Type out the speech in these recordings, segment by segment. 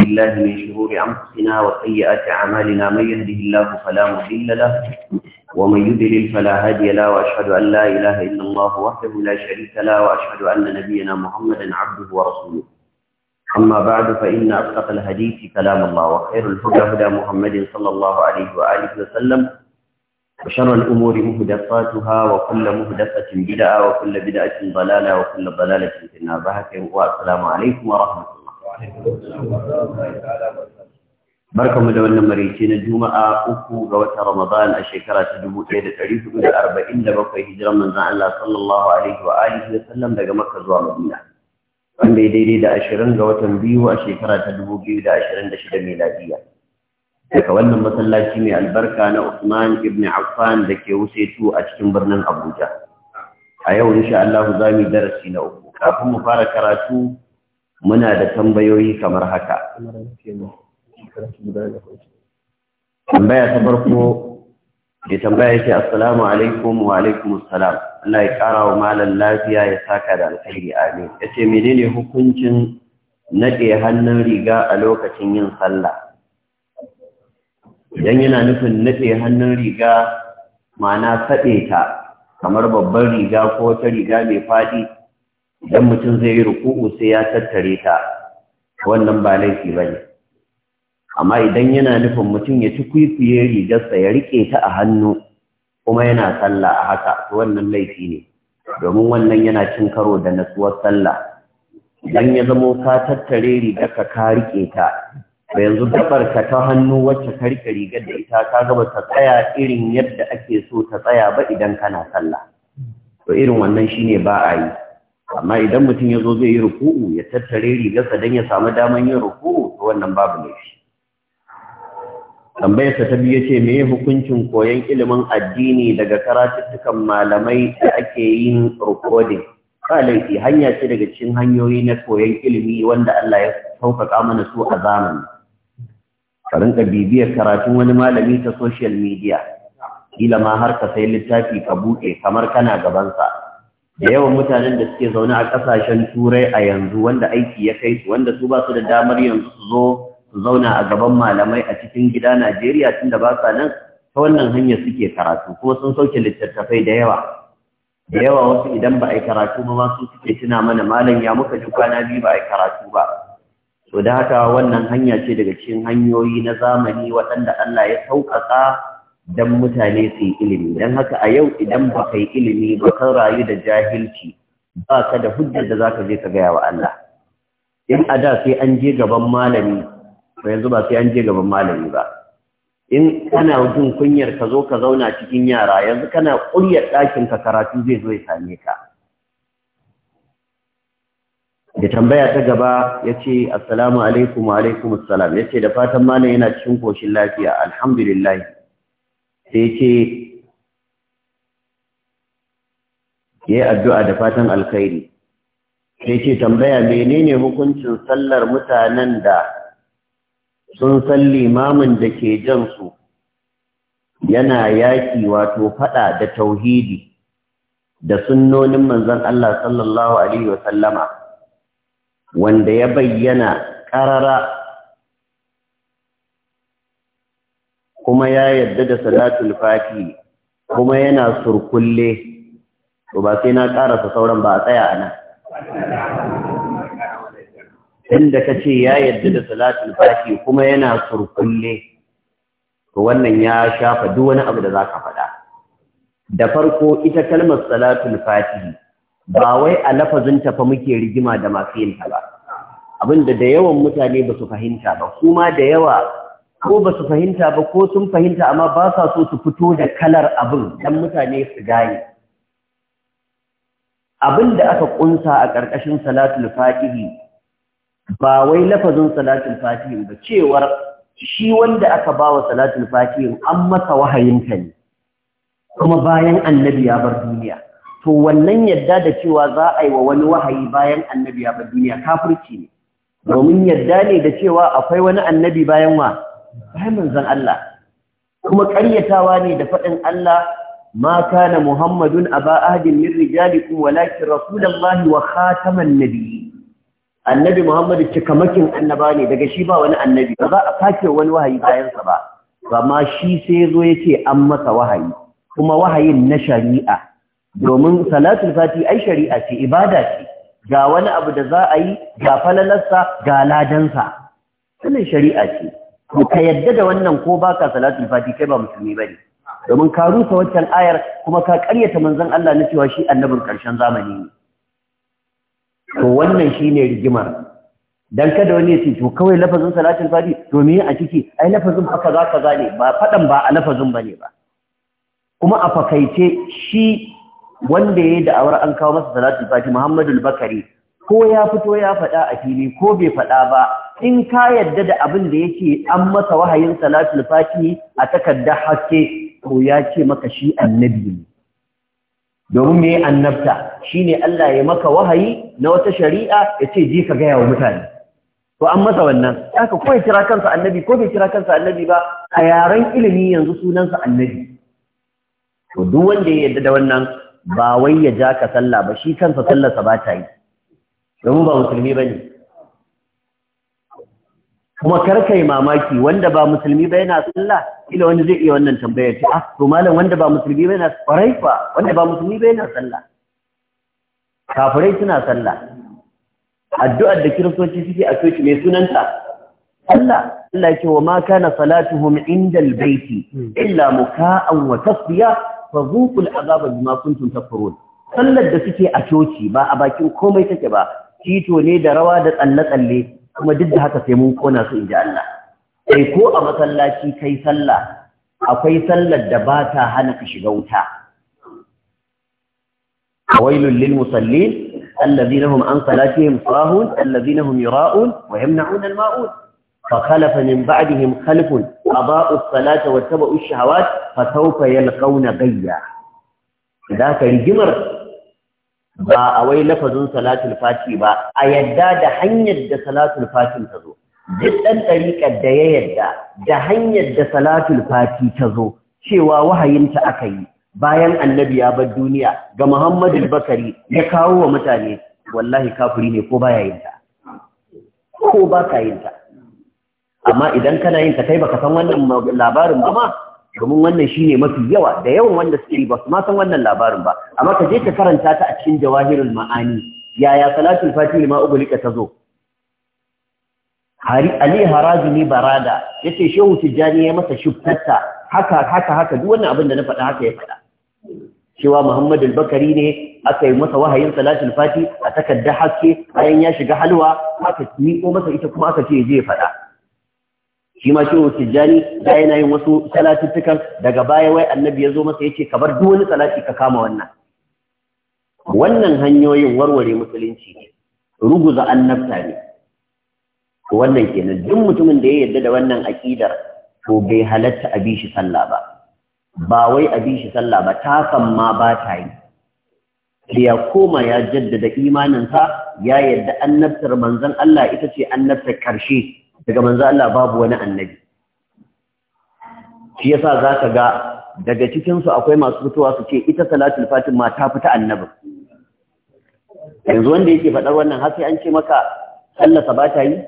بالله من شرور أنفسنا وسيئات أعمالنا من يهده الله فلا مضل له ومن يضلل فلا هادي له وأشهد أن لا إله إلا الله وحده لا شريك له وأشهد أن نبينا محمدا عبده ورسوله أما بعد فإن أصدق الحديث كلام الله وخير الهدى هدى محمد صلى الله عليه وآله وسلم وشر الأمور مهدفاتها وكل مهدفة بدعة وكل بدعة ضلالة وكل ضلالة في النار والسلام عليكم ورحمة الله barkanmu da wannan maraice na juma'a uku ga watan ramadan a shekara ta dubu ɗaya da da da arba'in bakwai hijiran manzon Allah sallallahu alaihi wa alihi wa sallam daga makka zuwa madina wanda ya daidai da ashirin ga watan biyu a shekara ta dubu biyu da da ashirin 2026 miladiya daga wannan masallaci mai albarka na Usman ibn Affan da ke wusetu a cikin birnin Abuja a yau insha Allah za mu darasi na uku kafin mu fara karatu muna da tambayoyi kamar haka tambaya ta farko da tambaya yake assalamu alaikum wa alaikum assalam Allah ya kara wa malam lafiya ya saka da alkhairi amin yace menene hukuncin naɗe hannun riga a lokacin yin sallah idan yana nufin naɗe hannun riga ma'ana saɗe ta kamar babban riga ko wata riga mai faɗi idan mutum zai yi ruku'u sai ya tattare ta wannan ba laifi bane amma idan yana nufin mutum ya ci kwikwiye rigarsa ya riƙe ta a hannu kuma yana sallah a haka to wannan laifi ne domin wannan yana cin karo da natsuwar sallah idan ya zamo ka tattare rigarka ka rike ta ba yanzu gabar ka ta hannu wacce ka riƙe rigar da ita ka gaba ta tsaya irin yadda ake so ta tsaya ba idan kana sallah to irin wannan shine ba a yi amma idan mutum ya zo zai yi ruku'u ya tattare rigarsa don ya samu daman yin ruku'u to wannan babu laifi tambayarsa ta biyu ce me hukuncin koyon ilimin addini daga karatuttukan malamai da ake yin recording ba laifi hanya ce daga cikin hanyoyi na koyon ilimi wanda Allah ya sauƙaƙa mana su a zamani ka rinka bibiyar karatun wani malami ta social media kila ma har ka sai littafi ka buɗe kamar kana gabansa da yawan mutanen da suke zaune a ƙasashen turai a yanzu wanda aiki ya kai su wanda su ba su da damar yanzu su zo su zauna a gaban malamai a cikin gida Najeriya tun da ba sa nan ta wannan hanyar suke karatu kuma sun sauke littattafai da yawa da yawa wasu idan ba a yi karatu ba masu suke tuna mana malam ya muka ji kwana biyu ba a yi karatu ba to da haka wannan hanya ce daga cikin hanyoyi na zamani waɗanda Allah ya sauƙaƙa don mutane su yi ilimi don haka a yau idan ba ka yi ilimi ba ka rayu da jahilci ba ka da hujjar da za ka je ka gaya wa Allah in a da sai an je gaban malami ba yanzu ba sai an je gaban malami ba in kana jin kunyar ka zo ka zauna cikin yara yanzu kana kuryar ɗakin ka karatu zai zo ya same ka da tambaya ta gaba ya ce assalamu alaikum wa alaikum assalam ya ce da fatan malam yana cikin koshin lafiya alhamdulillah sai ce ya yi addu'a da fatan alkhairi sai ce tambaya menene hukuncin sallar mutanen da sun san limamin da ke jansu yana yaki wato fada da tauhidi da sunnonin manzan Allah sallallahu alaihi wasallama wanda ya bayyana ƙarara kuma ya yadda da salatul fati kuma yana surkulle to ba sai na karasa sauran ba a tsaya a inda ka ce ya yarda da salatul fati kuma yana surkulle to wannan ya shafa duk wani abu da za ka faɗa da farko ita kalmar salatul fati ba wai a lafazin tafa muke rigima da masu yin ta ba abinda da yawan mutane ba su fahimta ba kuma da yawa ko ba su fahimta ba ko sun fahimta amma ba sa so su fito da kalar abin don mutane su gane abin da aka kunsa a ƙarƙashin salatul fatihi ba wai lafazin salatul fatihi ba cewar shi wanda aka ba wa salatul fatihi an masa wahayinta ne kuma bayan annabi ya bar duniya to wannan yadda da cewa za a yi wa wani wahayi bayan annabi ya bar duniya kafirci ne domin yadda ne da cewa akwai wani annabi bayan wa bayan manzon Allah kuma ƙaryatawa ne da faɗin Allah ma kana Muhammadun aba ahdin min rijalikum walakin rasulullahi wa khataman nabiyyi annabi Muhammadu cikamakin annaba ne daga shi ba wani annabi ba za a sake wani wahayi bayan sa ba amma shi sai zo yake an masa wahayi kuma wahayin na shari'a domin salatul fati ai shari'a ce ibada ce ga wani abu da za a yi ga falalarsa ga ladansa sanin shari'a ce ka yadda da wannan ko baka salatul fati kai ba musulmi bane domin ka rusa waccan ayar kuma ka karyata manzon Allah na cewa shi annabin karshen zamani ne to wannan shine rigimar dan kada wani ya ce to kawai lafazin salatul fati to me a ciki ai lafazin haka za ka gane ba fadan ba a lafazin bane ba kuma a fakaice shi wanda yayi da'awar an kawo masa salatul fati Muhammadul Bakari ko ya fito ya faɗa a fili ko bai faɗa ba in ka yadda da abin da yake an masa wahayin salatul Fati a takardar haske to ya ce maka shi annabi ne domin me annabta shine Allah ya maka wahayi na wata shari'a ya ce je ka gaya wa mutane to an masa wannan haka ko ya kira kansa annabi ko bai kira kansa annabi ba a yaren ilimi yanzu sunansa annabi to duk wanda ya yarda da wannan ba wai ya ja ka sallah ba shi kansa sallarsa ba ta yi domin ba musulmi bane kuma karka yi mamaki wanda ba musulmi ba yana sallah ila wani zai iya wannan tambayar ce ah to malam wanda ba musulmi ba yana kwarai fa wanda ba musulmi ba yana sallah kafirai suna sallah addu'ar da kiristoci suke a coci mai sunanta Allah Allah yake wa ma kana salatuhum indal baiti illa muka'an wa tasbiya fa zuqul azaba bima kuntum tafurun sallar da suke a coci ba a bakin komai take ba tito ne da rawa da tsalle tsalle kuma duk da haka sai mun kona su in ji Allah. Sai ko a masallaci kai sallah, akwai sallar da ba ta hana ka shiga wuta. Wailun lil musallin, allazina hum an salatihim sahun, allazina hum yura'un wa yamna'un al-ma'un. Fa khalafa min ba'dihim khalfun adaa'u as-salata wa tabu'u ash-shahawat fa sawfa yalqawna ghayya. Idan ka rigimar ba a wai lafazin salatul fati ba a yadda da hanyar da salatul fati ta zo duk ɗan ɗariƙar da ya yadda da hanyar da salatul fati ta zo cewa wahayinta aka yi bayan annabi ya bar duniya ga muhammadu bakari ya kawo wa mutane wallahi kafiri ne ko baya yin ta ko ba ka yin ta amma idan kana yin ta kai baka san wannan labarin ba ma domin wannan shine mafi yawa da yawan wanda suke ba su ma san wannan labarin ba amma ka je ka karanta ta a cikin jawahirul ma'ani yaya salatul fatihi ma ubulika ta zo hari ali harazimi barada yace shehu tijani ya masa shubtatta haka haka haka duk wannan abin da na faɗa haka ya faɗa cewa Muhammad al-Bakari ne aka yi masa wahayin salatul fati a takardar haske bayan ya shiga halwa aka ko masa ita kuma aka ce je faɗa shi ma shehu tijjani da yana yin wasu salatuttukan daga baya wai annabi ya zo masa ya ce ka bar duk wani salati ka kama wannan wannan hanyoyin warware musulunci ne ruguza annabta ne wannan kenan duk mutumin da ya yarda da wannan aƙidar to bai halatta a bi shi sallah ba ba wai a bi shi sallah ba san ma ba ta yi ya koma ya jaddada imaninsa ya yarda annabtar manzon Allah ita ce annabtar karshe daga manzo Allah babu wani annabi shi yasa zaka ga daga cikin su akwai masu fitowa su ce ita salatul fatima ta fita annabi yanzu wanda yake faɗar wannan har sai an ce maka sallah ba ta yi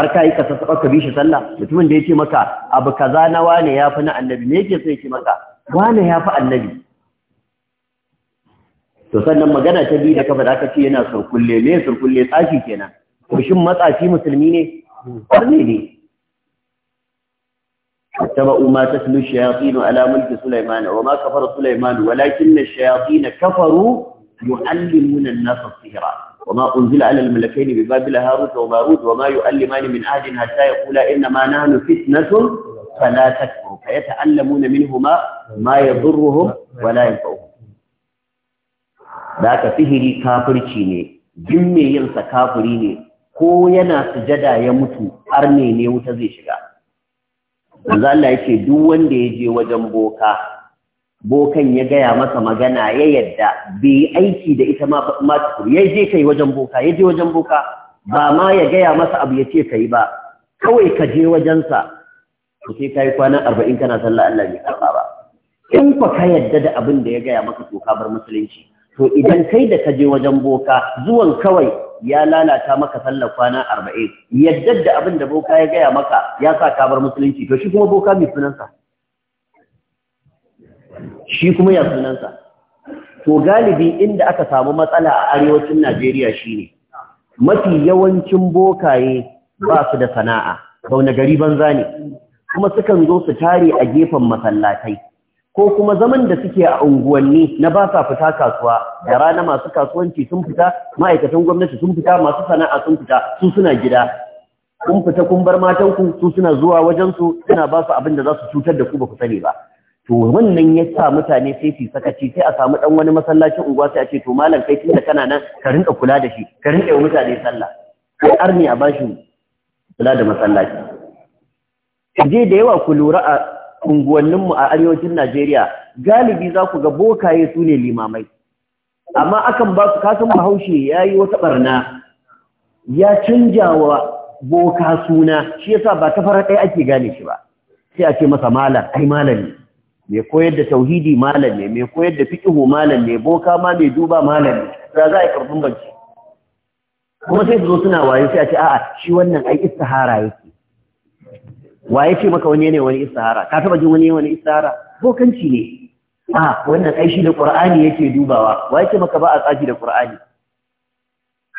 har ka yi ka sassaɓa ka bi shi sallah mutumin da ya ce maka abu kaza na wane ya fi na annabi me yake sai ya maka wane ya fi annabi to sannan magana ta biyu da ka faɗa ka ce yana surkulle me surkulle tsafi kenan وشم shin matsafi musulmi ne ƙarni اتبعوا ما تسلو الشياطين على ملك سليمان وما كفر سليمان ولكن الشياطين كفروا يعلمون الناس الصهراء وما أنزل على الملكين ببابل هاروت وماروت وما يؤلمان من اهل حتى يقولا إنما نحن فتنة فلا تكفروا فيتعلمون منهما ما يضرهم ولا ينفعهم ذاك سحري كافر تشيني جمي ينسى كافريني ko yana sujada ya mutu har ne wuta zai shiga Yanzu Allah yake duk wanda ya je wajen boka bokan ya gaya masa magana ya yadda bai aiki da ita ma ma ya je kai wajen boka ya je wajen boka ba ma ya gaya masa abu ya ce kai ba kawai ka je wajensa to sai kai kwana 40 kana sallah Allah bai karba ba in fa ka yadda da abin da ya gaya maka to ka musulunci to idan kai da ka je wajen boka zuwan kawai ya lalata maka sallar kwana arba'in yadda da abin da boka ya gaya maka ya sa ka bar musulunci to shi kuma boka mai sunansa shi kuma ya sunansa to galibi inda aka samu matsala a arewacin Najeriya shine mafi yawancin bokaye ba su da sana'a kauna gari banza ne kuma sukan zo su tare a gefen masallatai ko kuma zaman da suke a unguwanni na ba sa fita kasuwa da rana masu kasuwanci sun fita ma'aikatan gwamnati sun fita masu sana'a sun fita su suna gida kun fita kun bar matanku su suna zuwa wajen su suna ba su abin da za su cutar da ku ba ku sani ba to wannan ya sa mutane sai su sakaci sai a samu dan wani masallacin unguwa sai a ce to malam kai tunda kana nan ka rinka kula da shi ka rinka yi mutane sallah kai arni a bashi kula da masallaci je da yawa ku lura a unguwanninmu a arewacin Najeriya galibi za ku ga bokaye su ne limamai amma akan ba su kasan bahaushe ya yi wata barna ya canja wa boka suna shi yasa ba ta fara ɗaya ake gane shi ba sai a ce masa malam ai malam ne mai koyar da tauhidi malam ne mai koyar da fiƙihu malam ne boka ma mai duba malam ne za za a yi karfin banci kuma sai su zo suna waye sai a ce a'a shi wannan ai istihara yake Waye ya ce maka wani ne wani istihara ka taba jin wani wani istihara bokanci ne a wannan ai shi da qur'ani yake dubawa wa ya ce maka ba a tsaji da qur'ani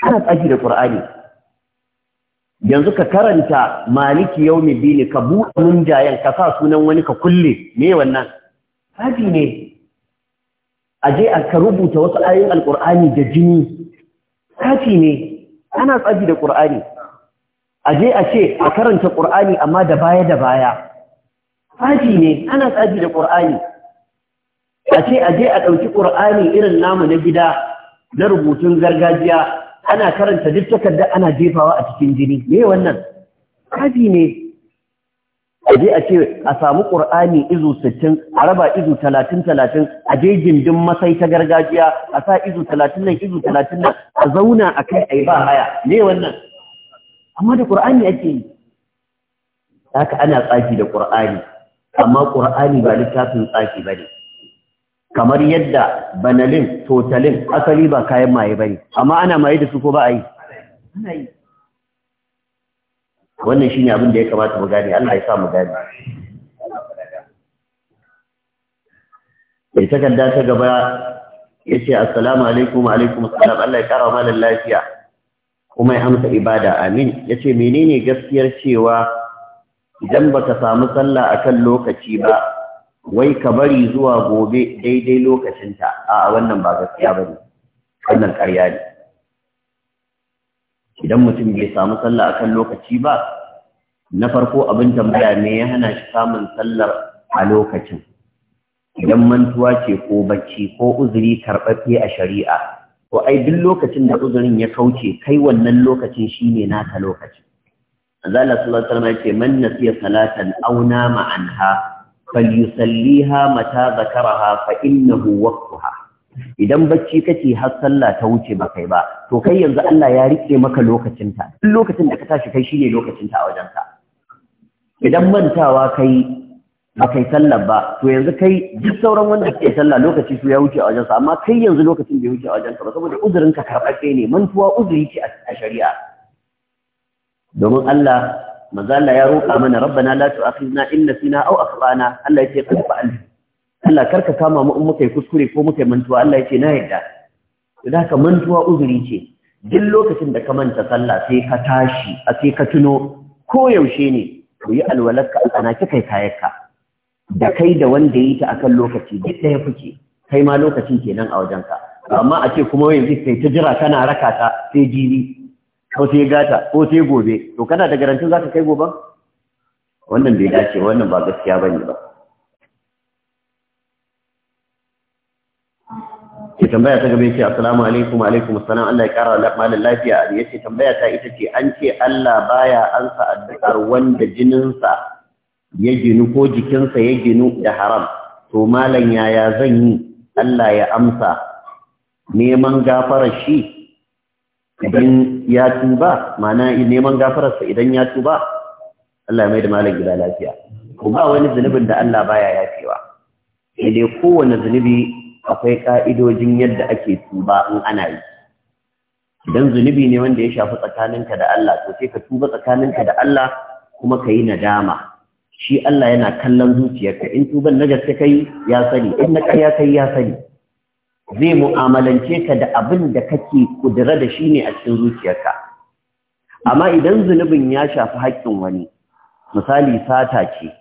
ana tsaji da qur'ani yanzu ka karanta maliki yawmiddin ka buɗe munjayen ka sa sunan wani ka kulle me wannan tsaji ne a je a ka rubuta wasu ayoyin alqur'ani da jini tsaji ne ana tsaji da qur'ani a je a ce a karanta ƙur'ani amma da baya da baya tsaji ne ana tsaji da ƙur'ani a ce a je a ɗauki ƙur'ani irin namu na gida na rubutun gargajiya ana karanta duk takarda ana jefawa a cikin jini me wannan tsaji ne a je a ce a samu ƙur'ani izu sittin a raba izu talatin talatin a je gindin masai ta gargajiya a sa izu talatin nan izu talatin nan a zauna a kai a yi ba haya me wannan amma da ƙur'ani ake yi haka ana tsaki da ƙur'ani, amma ƙur'ani ba littafin tsaki ba ne. kamar yadda banalin totalin asali ba kayan maye ba ne, amma ana maye da su ko ba a yi wannan shi abin da ya kamata mu gane Allah ya sa mu gane mai takarda ta gaba ya ce assalamu alaikum alaikum assalam Allah ya kara malar lafiya kuma ya amsa ibada amin ya ce menene gaskiyar cewa idan ba ka samu sallah a kan lokaci ba wai ka bari zuwa gobe daidai lokacinta a wannan ba gaskiya ba ne wannan karya ne idan mutum bai samu sallah a kan lokaci ba na farko abin tambaya me ya hana shi samun sallar a lokacin idan mantuwa ce ko bacci ko uzuri karɓaɓɓe a shari'a to ai duk lokacin da uzurin ya kauce kai wannan lokacin shine naka lokaci Allah sallallahu alaihi wasallam ce man nasiya salatan aw nama anha falyusalliha mata zakaraha fa innahu waqtuha idan bacci kake har sallah ta wuce ba kai ba to kai yanzu Allah ya rike maka lokacinta duk lokacin da ka tashi kai shine lokacinta a ka. idan mantawa kai ba kai sallar ba to yanzu kai duk sauran wanda ke sallah lokaci su ya wuce a wajensa amma kai yanzu lokacin bai wuce a wajensa ba saboda uzurin ka karɓaɓɓe ne mantuwa uzuri ce a shari'a domin Allah manzo Allah ya roƙa mana rabbana la tu'akhidna in nasina aw akhtana Allah yake kada fa Allah karka kama mu in muka yi kuskure ko muka yi mantuwa Allah yake na yarda da ka mantuwa uzuri ce duk lokacin da ka manta sallah sai ka tashi a sai ka tuno ko yaushe ne ku yi alwalaka ana kika kai kayanka da kai da wanda ya yi ta akan lokaci duk ɗaya kuke kai ma lokacin kenan a wajenka amma a ce kuma yanzu sai ta jira kana raka ta sai jini ko sai gata ko sai gobe to kana da garantin za ka kai gobe wannan bai dace wannan ba gaskiya bane ba ke tambaya ta gaba yace assalamu alaikum wa alaikum assalam Allah ya kara malan lafiya yace tambaya ta ita ce an ce Allah baya ansa addu'ar wanda jininsa ya ginu ko jikinsa ya ginu da haram to malam yaya zan yi Allah ya amsa neman gafarar shi idan ya tuba mana neman gafararsa idan ya tuba Allah mai da malam gida lafiya ko ba wani zunubin da Allah baya yafewa sai dai kowane zunubi akwai ka'idojin yadda ake tuba in ana yi idan zunubi ne wanda ya shafi tsakaninka da Allah to sai ka tuba tsakaninka da Allah kuma ka yi nadama shi Allah yana kallon zuciyarka in tuban na gaske kai ya sani in na kai kai ya sani zai mu'amalance ka da abin da kake kudura da shi ne a cikin zuciyarka amma idan zunubin ya shafi haƙƙin wani misali sata ce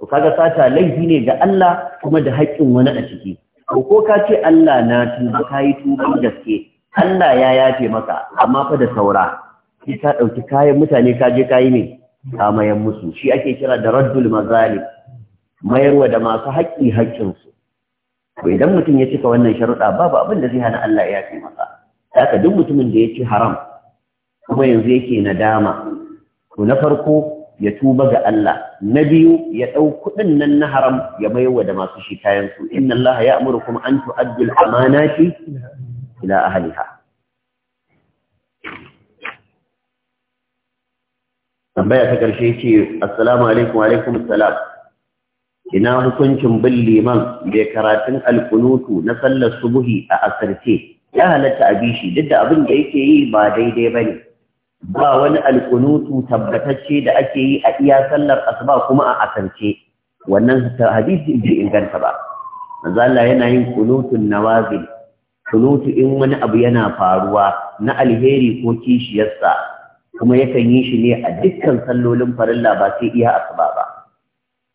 ko kaga sata laifi ne ga Allah kuma da haƙƙin wani a ciki Koko ko ka ce Allah na tuba kai tuban gaske Allah ya yafe maka amma fa da saura sai ka ɗauki kayan mutane ka je kayi ne ta musu shi ake kira da raddul mazali mayarwa da masu haƙƙi haƙƙinsu to idan mutum ya cika wannan sharuɗa babu abin da zai hana Allah ya yafe masa haka duk mutumin da ya ci haram kuma yanzu yake nadama to na farko ya tuba ga Allah na biyu ya ɗau kuɗin nan na haram ya mayarwa da masu shi kayansu inna Allah ya amuru kuma an tu'addu al-amanati ila ahliha tambaya ta ƙarshe ce assalamu alaikum alaikum assalam ina hukuncin bin liman mai karatun alkunutu na sallar subuhi a asarce ya halatta a bishi duk da abin da yake yi ba daidai ba ne ba wani alkunutu tabbatacce da ake yi a iya sallar asuba kuma a asarce wannan hadisi bai inganta ba manzo Allah yana yin kunutun nawazil kunutu in wani abu yana faruwa na alheri ko kishiyarsa kuma yakan yi shi ne a dukkan sallolin farin ba iya asuba ba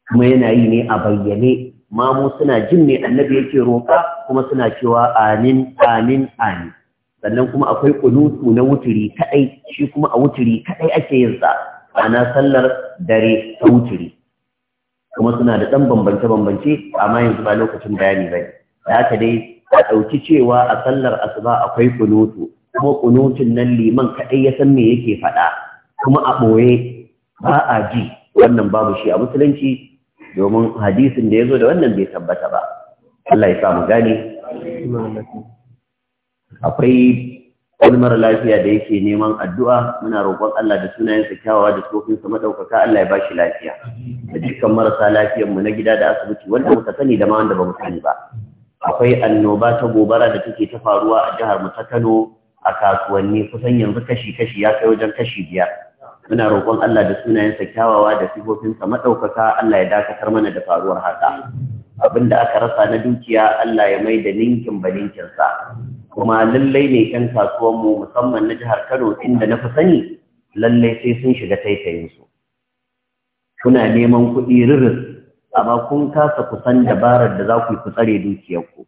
kuma yana yi ne a bayyane mamu suna jin ne annabi yake roƙa kuma suna cewa amin amin amin sannan kuma akwai kunutu na wuturi kadai shi kuma a wuturi kadai ake yin sa ana sallar dare ta wuturi kuma suna da ɗan bambance-bambance amma yanzu ba lokacin bayani ba da haka dai a ɗauki cewa a sallar asuba akwai kunutu kuma kunutun nan liman kaɗai ya san me yake faɗa kuma a ɓoye ba a ji wannan babu shi a musulunci domin hadisin da ya zo da wannan bai tabbata ba Allah ya sa mu akwai wani mara lafiya da yake neman addu'a muna roƙon Allah da sunayen sa kyawawa da tsofinsa maɗaukaka Allah ya ba shi lafiya da dukkan marasa lafiyar mu na gida da asibiti wanda muka sani da ma wanda ba mu sani ba akwai annoba ta gobara da take ta faruwa a jihar mu ta Kano a kasuwanni kusan yanzu kashi-kashi ya kai wajen kashi biyar muna roƙon Allah da sunayensa kyawawa da sifofinsa maɗaukaka Allah ya dakatar mana da faruwar haka abin da aka rasa na dukiya Allah ya mai da ninkin ba ninkinsa kuma lallai ne 'yan kasuwanmu musamman na jihar Kano inda na fi sani lallai sai sun shiga taitayinsu kuna neman kuɗi riris amma kun kasa kusan dabarar da za ku yi ku tsare dukiyarku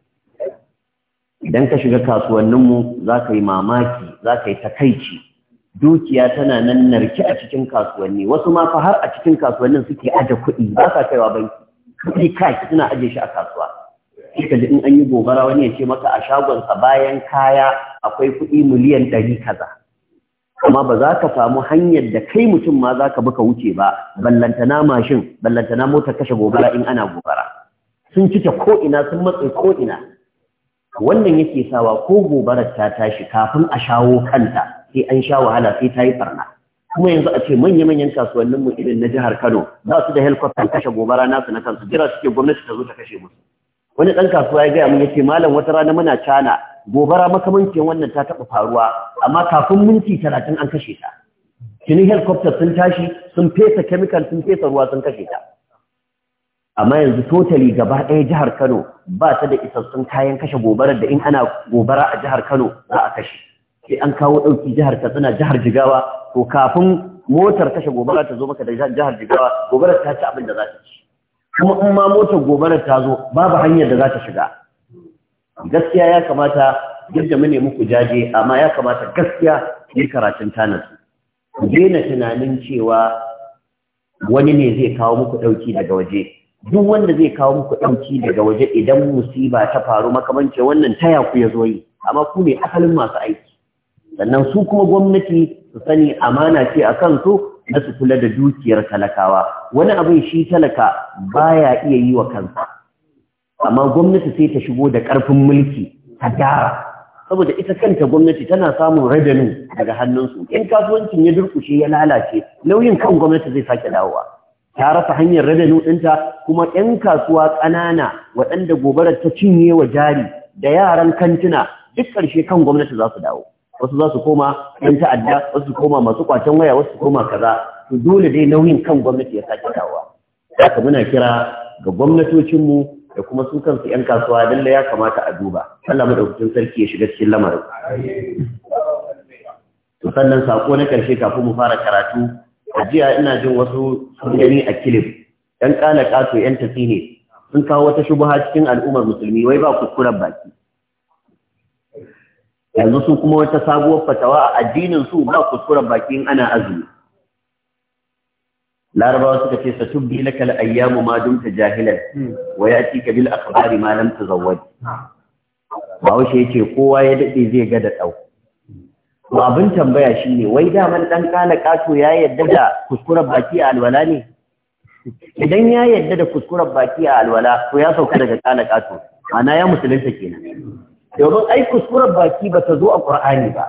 idan ka shiga kasuwanninmu za ka yi mamaki za ka yi takaici dukiya tana nan narke a cikin kasuwanni wasu ma fa har a cikin kasuwannin suke aje kuɗi ba sa kaiwa banki kuɗi kaki suna aje shi a kasuwa kika ji in an yi gobara wani ya ce maka a shagonsa bayan kaya akwai kuɗi miliyan ɗari kaza amma ba za ka samu hanyar da kai mutum ma za ka buka wuce ba ballantana mashin ballantana mota kashe gobara in ana gobara sun cike ko ina sun matse ko ina wannan yake sawa ko gobarar ta tashi kafin a shawo kanta sai an sha wahala sai ta yi barna kuma yanzu a ce manya-manyan kasuwannin mu irin na jihar Kano za su da helicopter kashe gobara nasu na kansu jira suke gwamnati ta zo ta kashe musu wani dan kasuwa ya gaya mun yace malam wata rana muna cana gobara makamancin wannan ta taɓa faruwa amma kafin minti talatin an kashe ta kini helicopter sun tashi sun fesa chemical sun fesa ruwa sun kashe ta amma yanzu totally gaba ɗaya jihar Kano ba ta da isassun kayan kashe gobarar da in ana gobara a jihar Kano za a kashe sai an kawo ɗauki jihar Katsina jihar Jigawa to kafin motar kashe gobara ta zo maka da jihar Jigawa gobarar ta ci abin da za ta ci kuma in ma motar gobarar ta zo babu hanyar da za ta shiga gaskiya ya kamata yadda mu ne muku jaje amma ya kamata gaskiya yi karatun tanasi ku daina tunanin cewa wani ne zai kawo muku ɗauki daga waje duk wanda zai kawo muku ɗauki daga waje idan musiba ta faru makamance wannan taya ku ya zo yi amma ku ne asalin masu aiki sannan su kuma gwamnati su sani amana ce a kansu na su kula da dukiyar talakawa wani abin shi talaka baya iya yi wa kansa amma gwamnati sai ta shigo da ƙarfin mulki ta gyara saboda ita kanta gwamnati tana samun radanu daga hannunsu in kasuwancin ya durkushe ya lalace nauyin kan gwamnati zai sake dawowa ta rasa hanyar revenue ɗinta kuma 'yan kasuwa ƙanana waɗanda gobarar ta cinye wa jari da yaran kantina duk ƙarshe kan gwamnati za su dawo wasu za su koma 'yan ta'adda wasu koma masu kwacen waya wasu koma kaza to dole dai nauyin kan gwamnati ya sake dawowa ka muna kira ga gwamnatocinmu da kuma su kansu 'yan kasuwa lalle ya kamata a duba Allah madaukakin sarki ya shiga cikin lamarin to sannan sako na ƙarshe kafin mu fara karatu a jiya ina jin wasu sun gani a kilif yan kala kato yan tafi ne sun kawo wata shubuha cikin al'ummar musulmi wai ba kuskuren baki yanzu su kuma wata sabuwar fatawa a addinin su ba kuskuren baki in ana azumi larabawa suka ce sa tubbi laka ayyamu ma dumta jahilan wa yatika bil akhbari ma lam tazawwaj Bahaushe ya ce kowa ya daɗe zai ga da ɗau. to abin tambaya shi ne, wai daman ɗan ƙana ƙato ya yadda da kuskuren baki a alwala ne idan ya yadda da kuskuren baki a alwala to ya sauka daga ƙana ƙato ana ya musulunta kenan domin ai kuskuren baki ba ta zo a qur'ani ba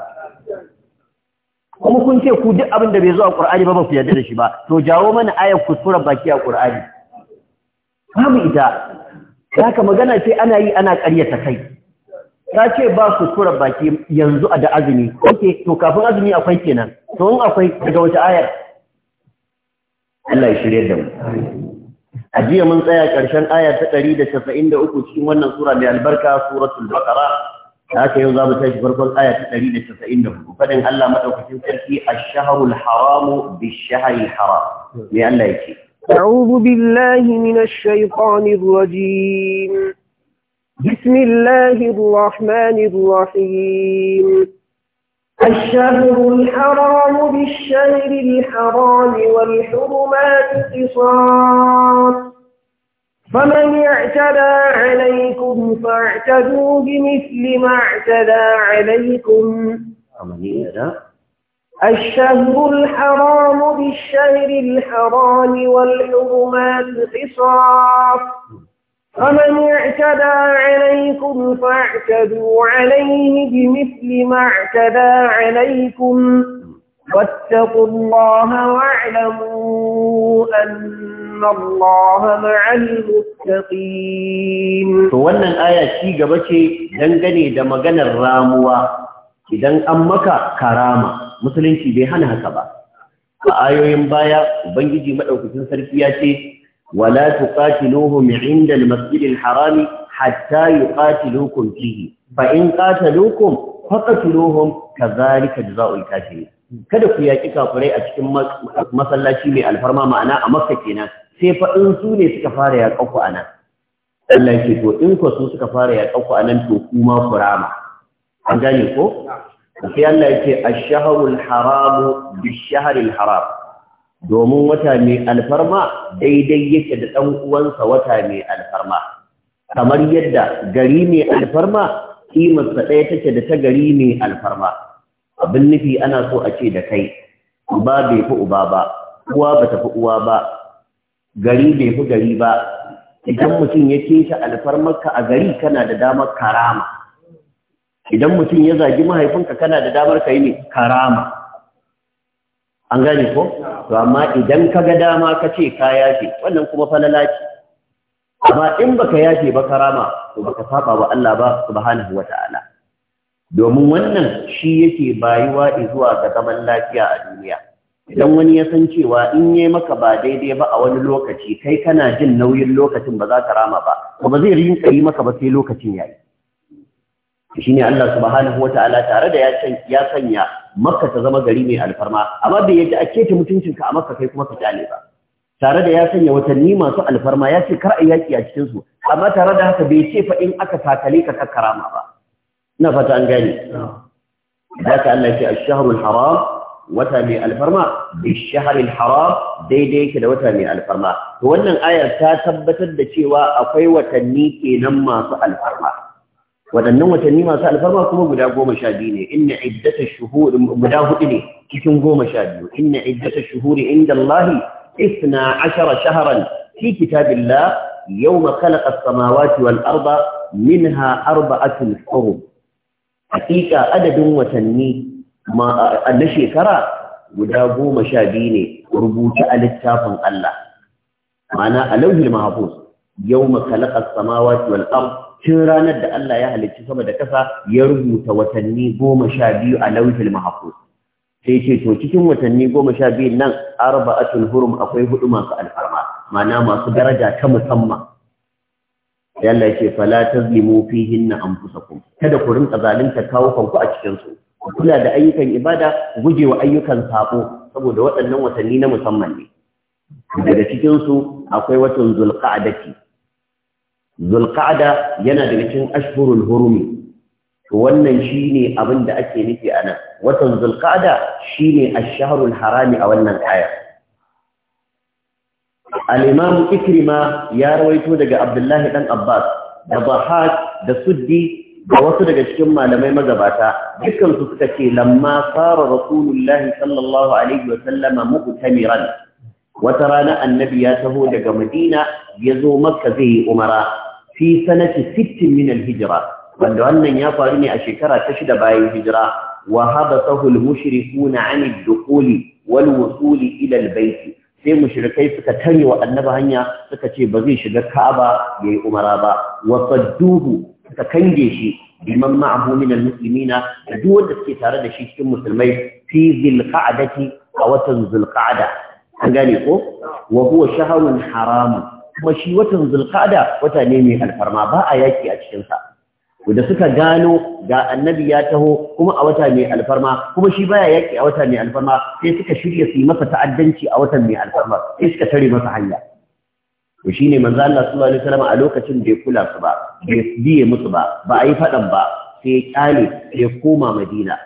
kuma kun ce ku duk abin da bai zo a qur'ani ba ba ku yadda da shi ba to jawo mana ayar kuskuren baki a Ba babu ita ka magana ce ana yi ana ƙaryata kai ka ce ba su tura baki yanzu a da azumi ok to kafin azumi akwai kenan to in akwai daga wata ayar Allah ya shirye da mu a jiya mun tsaya ƙarshen aya ta 193 cikin wannan sura mai albarka suratul baqara da haka yau za mu tashi farkon aya ta ɗari da casa'in da hudu faɗin Allah maɗaukacin sarki a shaharul haramu bi shahari haram me Allah yake أعوذ بالله من الشيطان الرجيم بسم الله الرحمن الرحيم الشهر الحرام بالشهر الحرام والحرمات قصاص فمن اعتدى عليكم فاعتدوا بمثل ما اعتدى عليكم الشهر الحرام بالشهر الحرام والحرمات قصاص فمن اعتدى عليكم فاعتدوا عليه بمثل ما اعتدى عليكم واتقوا الله واعلموا أن الله مع المتقين wannan aya ci gaba ce dangane da maganar ramuwa idan an maka karama musulunci bai hana haka ba a ayoyin baya ubangiji maɗaukacin sarki ya ce ولا تقاتلوهم عند المسجد الحرام حتى يقاتلوكم فيه فإن قاتلوكم فقتلوهم كذلك جزاء الكافرين kada ku yaki kafirai a cikin masallaci mai alfarma ma'ana a makka kenan sai fa in su ne suka fara yaƙa ku anan Allah yake to in ku su suka fara yaƙa ku anan to kuma furama? an gane ko sai Allah yake ash-shahrul haramu bish-shahril haram domin wata mai alfarma daidai yake da ɗan uwansa wata mai alfarma kamar yadda gari mai alfarma kimarsa ɗaya take da ta gari mai alfarma abin nufi ana so a ce da kai uba bai fi uba ba uwa ba ta fi uwa ba gari bai fi gari ba idan mutum ya keta alfarmarka a gari kana da damar karama idan mutum ya zagi mahaifinka kana da damar ka yi karama an gani ko to amma idan ka ga dama ka ce ka yafe wannan kuma falalaci. amma in baka yafe ba karama to baka saba wa Allah ba subhanahu wataala domin wannan shi yake bayuwa zuwa ga zaman lafiya a duniya idan wani ya san cewa in yi maka ba daidai ba a wani lokaci kai kana jin nauyin lokacin ba za ka rama ba to ba zai rinka yi maka ba sai lokacin yayi ne Allah subhanahu wataala tare da ya sanya makka ta zama gari mai alfarma amma bai yadda a mutuncin ka a makka kai kuma ka kyale ba tare da ya sanya watanni masu alfarma ya ce kar a yaƙi a su amma tare da haka bai ce fa in aka takale ka kakkarama ba ina fata an gane da ka Allah ce ash-shahrul haram wata mai alfarma bish-shahril haram daidai yake da wata mai alfarma to wannan ayar ta tabbatar da cewa akwai watanni kenan masu alfarma waɗannan watanni masu alfarma kuma guda goma sha biyu ne inna iddata shuhuri guda hudu ne cikin goma sha biyu inna iddata shuhuri inda Allah isna ashara shaharan fi kitabillah yawma khalaqa as-samawati wal arda minha arba'atun hurum hakika adadin watanni na shekara guda goma sha biyu ne rubuta a littafin Allah ma'ana a lauhil mahfuz yawma khalaqa as-samawati wal arda tun ranar da Allah ya halicci sama da ƙasa ya rubuta watanni goma sha biyu a lauhil mahaku sai ce to cikin watanni goma sha biyu nan arba'atul hurum akwai hudu masu alfarma ma'ana masu daraja ta musamman sai Allah yake fala tazlimu fihinna anfusakum kada ku rinka zalunta kawo kanku a cikinsu. su kula da ayyukan ibada gujewa ayyukan sabo saboda waɗannan watanni na musamman ne daga cikin su akwai watan zulqa'dati zulqa'da yana daga cikin ashhurul hurumi to wannan shine abin da ake nufi nan watan zulqa'da shine ash-shahrul harami a wannan aya al-imam ikrima ya rawaito daga abdullahi dan abbas da bahak da suddi da wasu daga cikin malamai magabata dukkan su suka ce lamma fara rasulullahi sallallahu alaihi wa sallama mu'tamiran wata rana annabi ya taho daga madina ya zo makka zai yi umara fi sanati sittin min al-hijra wanda wannan ya faru ne a shekara ta shida bayan hijira wa habathahu al-mushrikuna an ad-duquli wal wusuli ila al-bayt sai mushrikai suka tare wa annabi hanya suka ce ba zai shiga Ka'aba yayi umara ba wa sadduhu suka kange shi biman ma'ahu min al-muslimina da duk wanda suke tare da shi cikin musulmai fi zil qa'dati a watan zul qa'da an gane ko wa huwa shahrun haramun kuma shi watan zulqada wata ne mai alfarma ba a yaki a cikin sa da suka gano ga annabi ya taho kuma a wata mai alfarma kuma shi baya yaki a wata mai alfarma sai suka shirya su yi masa ta'addanci a watan mai alfarma sai suka tare masa hanya to shine manzo Allah sallallahu alaihi wasallam a lokacin da ya kula su ba bai biye musu ba ba a yi fadan ba sai ya kyale ya koma Madina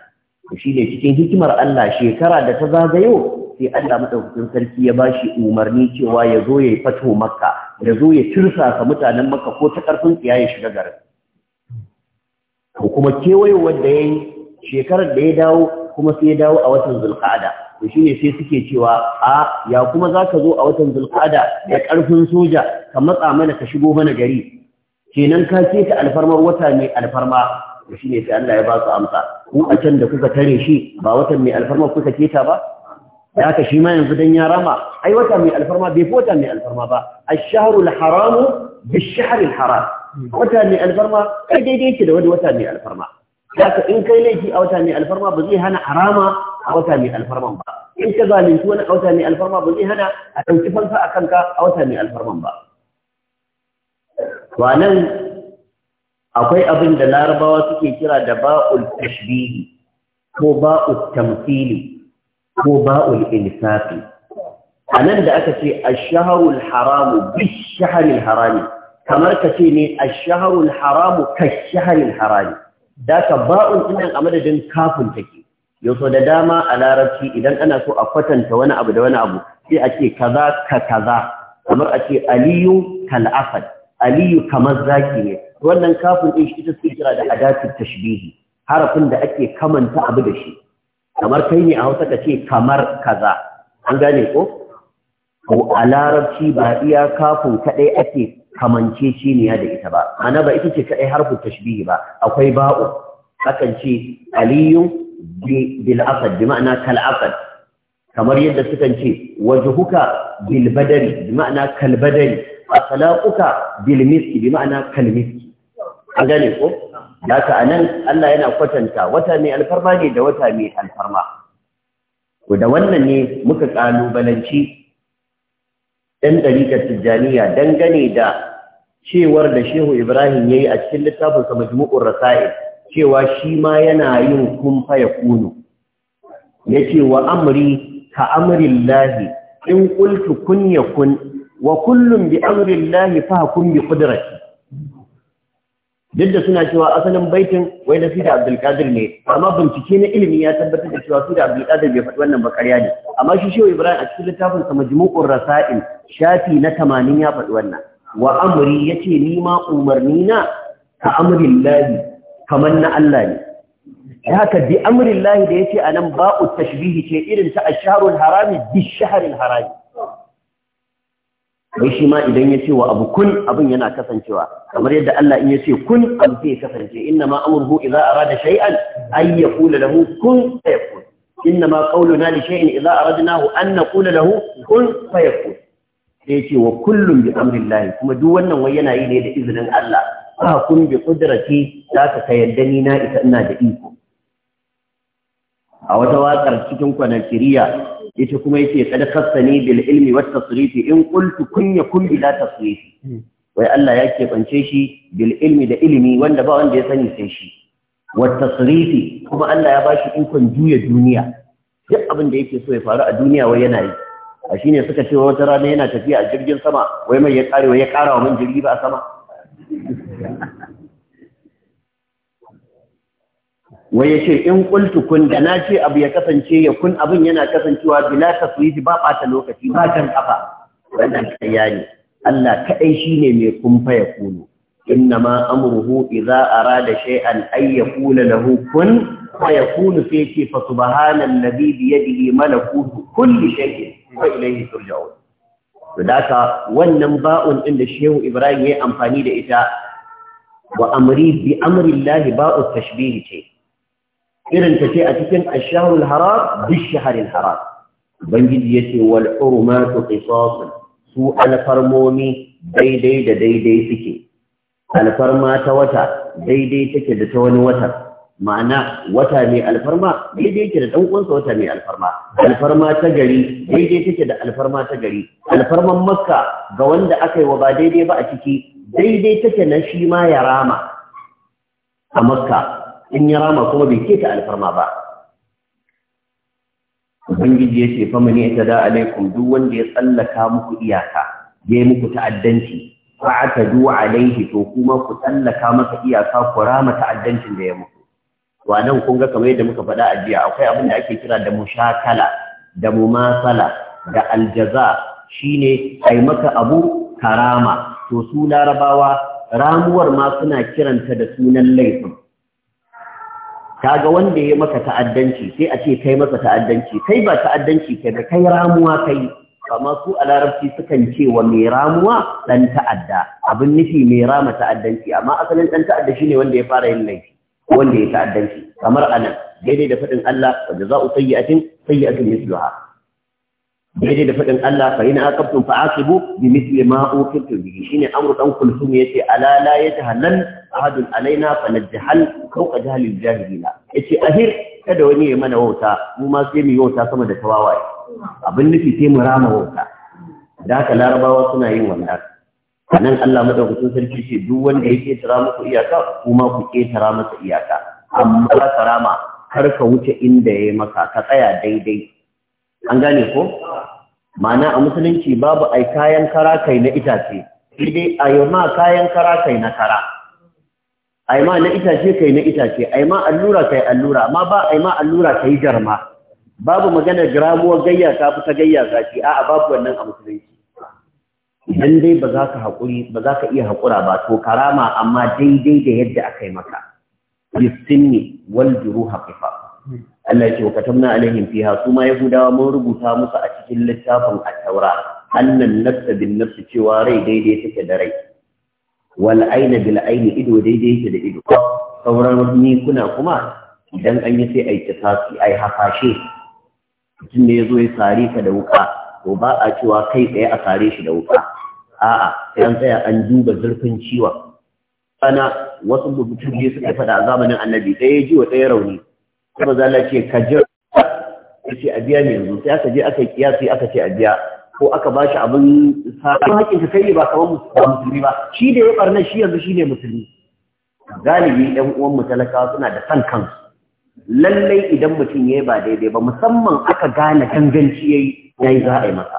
to shine cikin hikimar Allah shekara da ta zagayo sai Allah madaukakin sarki ya bashi umarni cewa ya zo ya fito makka ya zo ya ka mutanen makka ko ta karfin tsiya ya shiga garin ko kuma kewayowar da yayi shekarar da ya dawo kuma sai ya dawo a watan zulqa'ada to shine sai suke cewa a ya kuma zaka zo a watan zulqa'ada da karfin soja ka matsa mana ka shigo mana gari kenan ka ce ka alfarmar wata ne alfarma to shine sai Allah ya ba su amsa ku a can da kuka tare shi ba watan mai alfarmar kuka keta ba da haka shi ma yanzu dan ya rama ai wata mai alfarma bai fi wata mai alfarma ba ash-shahru al-haram bi-shahri haram wata mai alfarma kai daidai yake da wani wata mai alfarma da haka in kai laifi a wata mai alfarma ba zai hana harama a wata mai alfarman ba in ka zalunci wani a wata mai alfarma ba zai hana a ɗauki fansa a kanka a wata mai alfarman ba to nan akwai abin da larabawa suke kira da ba'ul tashbihi ko ba'ul tamthili ko ba'ul insafi a nan da aka ce ashaharul haramu bi shaharil harami kamar ka ce ne ashaharul haramu ka shaharil harami da ka ba'un ɗin a madadin kafin take yau da dama a larabci idan ana so a kwatanta wani abu da wani abu sai a ce kaza ka kaza kamar a ce aliyu kal'afad aliyu kamar zaki ne wannan kafin ɗin shi ita suke kira da adatu tashbihi harafin da ake kamanta abu da shi kamar kai ne a hausa ka ce kamar kaza an gane ko ko a larabci ba iya kafin kaɗai ake kamance ciniya da ita ba ana ba ita ce kaɗai harfin tashbihi ba akwai ba'u akan ce aliyu bil asad bi ma'ana kal asad kamar yadda sukan ce wajhuka bil badari bi ma'ana kal badari akhlaquka bil miski bi ma'ana kal miski an gane ko Ya a nan Allah yana kwatanta wata mai alfarma ne da wata mai alfarma. To da wannan ne muka ƙalubalanci ɗan ɗarikar Tijjaniya dangane da cewar da Shehu Ibrahim ya yi a cikin littafin sa majmu'ur rasa'il cewa shi ma yana yin kumfa ya kunu. Ya ce wa amri ka amrin lahi in kultu kun wa kullum bi amrin lahi fa kun bi kudrati. duk da suna cewa asalin baitin wai na Sida Abdulkadir ne amma bincike na ilimi ya tabbatar da cewa Sida Abdulkadir bai faɗi wannan bakarya ne amma shi Shehu Ibrahim a cikin littafin sa Majmu'ur Rasail shafi na 80 ya faɗi wannan wa amri yace ni ma umarni na ka amrin lahi Kamar na Allah ne haka bi amrin lahi da yace anan ba'u tashbihi ce irin ta asharul harami bi shahril harami wai shi ma idan ya ce wa abu kun abin yana kasancewa kamar yadda Allah in ya ce kun abu zai kasance inna ma amruhu idza arada shay'an ay yaqulu lahu kun fayakun inna ma qawluna li shay'in idza aradnahu an naqula lahu kun fayakun sai ya ce wa kullum bi amrillah kuma duk wannan wai yana yi ne da izinin Allah ba kun bi qudrati zaka ka yadda ni na ita ina da iko a wata waƙar cikin kwanakiriya ita kuma yake qad khassani bil ilmi wat tasrif in qultu kun yakun bila tasrif wai Allah ya keɓance shi bil ilmi da ilimi wanda ba wanda ya sani sai shi wat kuma Allah ya bashi ikon juya duniya duk abin da yake so ya faru a duniya wai yana yi a shine suka ce wata rana yana tafiya a jirgin sama wai mai ya kare wai ya kara wa man jirgi ba a sama waye ce in kuntu da na ce abu ya kasance ya kun abin yana kasancewa bila ta suyi ba ba lokaci ba kan kafa wannan kaya ne Allah kaɗai shine mai kumfa ya kulu innama amruhu idza arada shay'an ay yakula lahu kun fa yakulu fi shi fa subhanallazi bi yadihi malakutu kulli shay'in wa ilayhi turja'un Sadaka wannan ba'un din da Shehu Ibrahim ya yi amfani da ita wa amri bi amri ba'u tashbih ce irin ta ce a cikin asharul haram bishaharil haram Bangiji yace wal hurumatu qisasun su alfarmomi daidai da daidai suke alfarma ta wata daidai take da ta wani wata ma'ana wata mai alfarma daidai yake da dan uwansa wata mai alfarma alfarma ta gari daidai take da alfarma ta gari alfarman makka ga wanda aka yi wa ba daidai ba a ciki daidai take na shi ma ya rama a makka in ya rama kuma bai keta alfarma ba ubangiji ya ce fama ne ta da alaikum duk wanda ya tsallaka muku iyaka ya yi muku ta'addanci ka aka du alaihi to kuma ku tsallaka masa iyaka ku rama ta'addancin da ya mutu. to nan kun ga kamar yadda muka faɗa a jiya akwai abin da ake kira da mushakala da mumasala da aljaza shine ai maka abu karama to su larabawa ramuwar ma suna kiranta da sunan laifin ga wanda ya maka ta'addanci sai a ce kai masa ta'addanci kai ba ta'addanci kai da kai ramuwa kai amma su a larabci sukan ce wa mai ramuwa dan ta'adda abin nufi mai rama ta'addanci amma asalin dan ta'adda shine wanda ya fara yin laifi wanda ya ta'addanci kamar anan daidai da faɗin Allah wa jaza'u sayyi'atin sayyi'atun misluha daidai da faɗin Allah fa ina aqabtum fa aqibu bi mithli ma uqibtu bihi shine amru dan kulsum yace ala la halal ahadun alaina fa najhal fawqa jahlil jahilina yace ahir kada wani ya mana wauta mu ma sai mu wauta sama da tawawaye abin nufi sai mu rama wauta da haka larabawa suna yin wannan nan Allah madaukakin sarki ce duk wanda yake tara muku iyaka kuma ku tara masa iyaka amma ka rama kar ka wuce inda yayi maka ka tsaya daidai an gane ko ma'ana a musulunci babu ai kayan kara kai na itace sai dai a ma kayan kara kai na kara ai ma na itace kai na itace ai ma allura kai allura amma ba ai ma allura kai jarma babu magana gramuwar gayya ta fi ta gayya zaki a'a babu wannan a musulunci idan dai ba za ka haƙuri ba za ka iya haƙura ba to karama amma daidai da yadda aka yi maka bisinni wal juruha qifa Allah ce wa katamna alaihim fiha su ma yahudawa mun rubuta musu a cikin littafin at-taura annan nafsa bin nafsi cewa rai daidai take da rai wal aina bil aini ido daidai yake da ido sauran ni kuna kuma idan an yi sai ai kisasi ai hafashe mutum ne yazo ya sare ka da wuka to ba a cewa kai tsaye a sare shi da wuka a'a sai an tsaya an duba zurfin ciwon ana wasu mutum suka faɗa a zamanin annabi ɗaya ji wa ɗaya rauni kuma zala ce ka jira ce a biya ne yanzu sai aka je aka kiyasi aka ce a biya ko aka bashi abin sa'a haƙƙin ka kai ba kamar musulmi ba shi da ya barna shi yanzu shi ne musulmi galibi ɗan uwan mu talakawa suna da san kansu lallai idan mutum ya yi ba daidai ba musamman aka gane ganganci ya yayi za a yi masa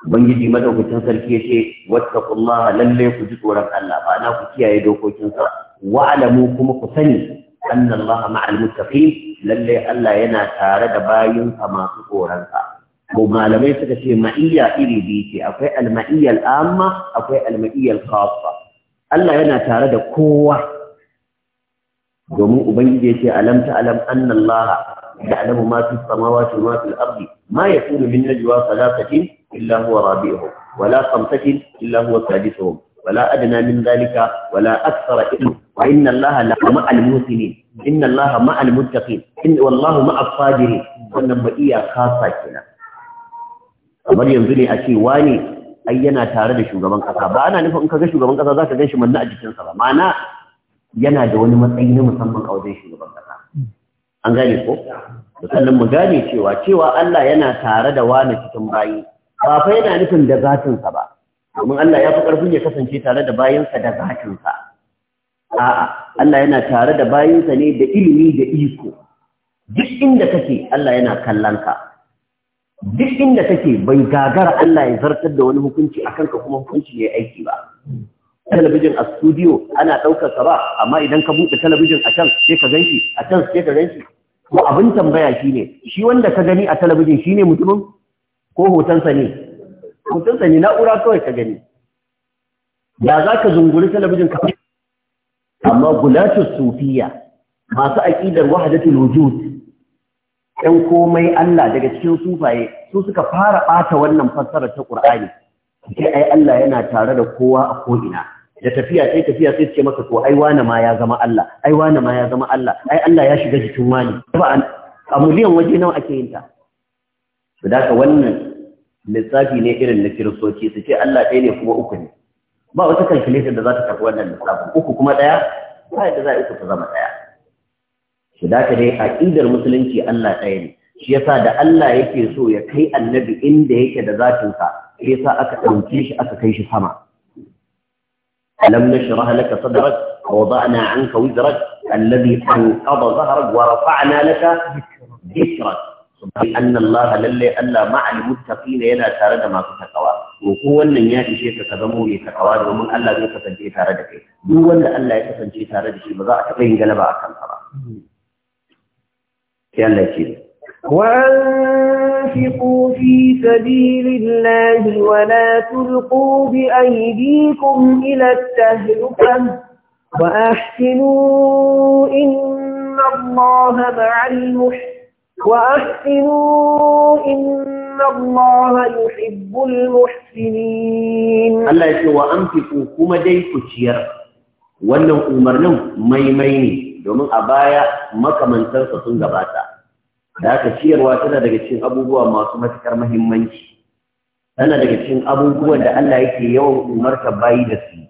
Ubangiji madaukakin sarki ya ce, Wattakullaha lallai ku ji tsoron Allah, ba na ku kiyaye dokokinsa, wa'alamu kuma ku sani anna allaha ma'al muttaqin lalle Allah yana tare da bayinsa masu tsoronsa ko malamai suka ce ma'iyya iri biyu ce akwai al-ma'iyya amma akwai al kafa. Allah yana tare da kowa domin ubangiji yace alam ta'lam da allaha ya'lamu ma fi samawati wa ma fil ardi ma yakunu min najwa thalathatin illa huwa wala khamsatin illa huwa sadisuhum wala adana min dhalika wala akthara illa wa inna Allah la ma'al muslimin inna Allah ma'al muttaqin in wallahu ma'as wannan ba iya kasa kina kamar yanzu ne a ce wani ai tare da shugaban kasa ba ana nufin in kaga shugaban kasa zaka ganshi manna a jikin ba ma'ana yana da wani matsayi na musamman a wajen shugaban kasa an gane ko sannan mu gane cewa cewa Allah yana tare da wani cikin bayi ba fa yana nufin da zatinsa ba domin Allah ya fi ƙarfin ya kasance tare da bayinsa da zatinsa a'a Allah yana tare da bayinsa ne da ilimi da iko duk inda kake Allah yana kallon ka duk inda kake bai gagara Allah ya zartar da wani hukunci akan ka kuma hukunci ya aiki ba talabijin a studio ana ɗaukar sa ba amma idan ka buɗe talabijin a can sai ka ganshi a can sai ka ganshi to abin tambaya shine shi wanda ka gani a talabijin shine mutumin ko hotonsa ne hotonsa ne na'ura kawai ka gani Ya za ka zunguri talabijin ka amma gulatu sufiya masu aƙidar wahadatul wujud ɗan komai Allah daga cikin sufaye su suka fara ɓata wannan fassara ta Qur'ani sai ai Allah yana tare da kowa a ko'ina da tafiya sai tafiya sai ce maka to ai wani ma ya zama Allah ai wani ma ya zama Allah ai Allah ya shiga jikin wani a miliyan waje nawa ake yin ta to da wannan lissafi ne irin na kiristoci su ce Allah ɗaya ne kuma uku ne ba wata calculation da za ta karɓi wannan lissafin uku kuma ɗaya ba yadda za a isa ta zama ɗaya shi da ka dai aƙidar musulunci Allah ɗaya ne shi yasa da Allah yake so ya kai annabi inda yake da zatinsa sai yasa aka ɗauke shi aka kai shi sama alam nashrah laka sadrak wa wada'na 'anka wizrak alladhi anqadha dhahrak wa rafa'na laka dhikrak An allaha lalle Allah ma'al yana tare da masu takawa roƙo wannan ya ishe ka ka zamo mai takawa domin Allah zai kasance tare da kai duk wanda Allah ya kasance tare da shi ba za a taɓa yin galaba a kansa ba sai Allah ce وأنفقوا في سبيل الله ولا تلقوا بأيديكم إلى التهلكة وأحسنوا إن الله مع المحسنين وأحسنوا إن ce wa an المحسنين kuma kuma dai ku ciyar wannan umarnin maimai ne, domin a baya makamantarsa sun gabata da aka ciyarwa tana daga cikin abubuwa masu matukar mahimmanci tana daga cikin abubuwan da Allah yake yawan umarta bayi da su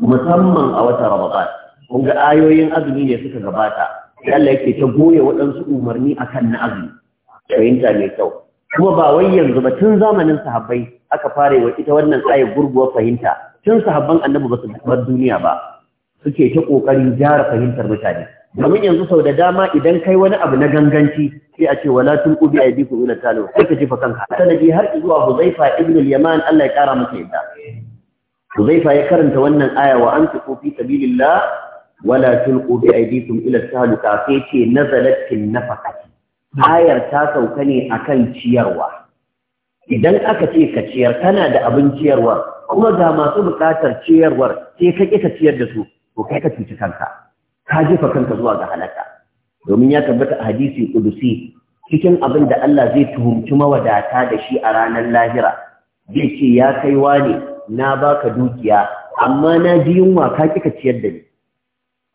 musamman a wata Ramadan kun ga ayoyin azumi ne suka gabata Allah yake ta goye waɗansu umarni akan na azumi fahimta mai kyau kuma ba wai yanzu ba tun zamanin sahabbai aka fara wa ita wannan ayar gurguwar fahimta tun sahabban annabi ba su bar duniya ba suke ta kokarin gyara fahimtar mutane domin yanzu sau da dama idan kai wani abu na ganganci sai a ce wala tun ubi a biku ila talo sai ka jifa kanka sanadi har zuwa huzaifa ibn al-yaman Allah ya kara masa yadda huzaifa ya karanta wannan aya wa anfiqu fi sabilillah wala tulqu bi aydikum ila at sai ce nazalat fil nafaqati ayar ta sauka ne akan ciyarwa idan aka ce ka ciyar kana da abin ciyarwa kuma ga masu bukatar ciyarwar sai ka ƙi ka ciyar da su to kai ka cuci kanka ka jefa kanka zuwa ga halaka domin ya tabbata a hadisi kudusi cikin abin da Allah zai tuhumci mawadata da shi a ranar lahira zai ce ya kaiwa ne na baka dukiya amma na ji yunwa ka ka ciyar da ni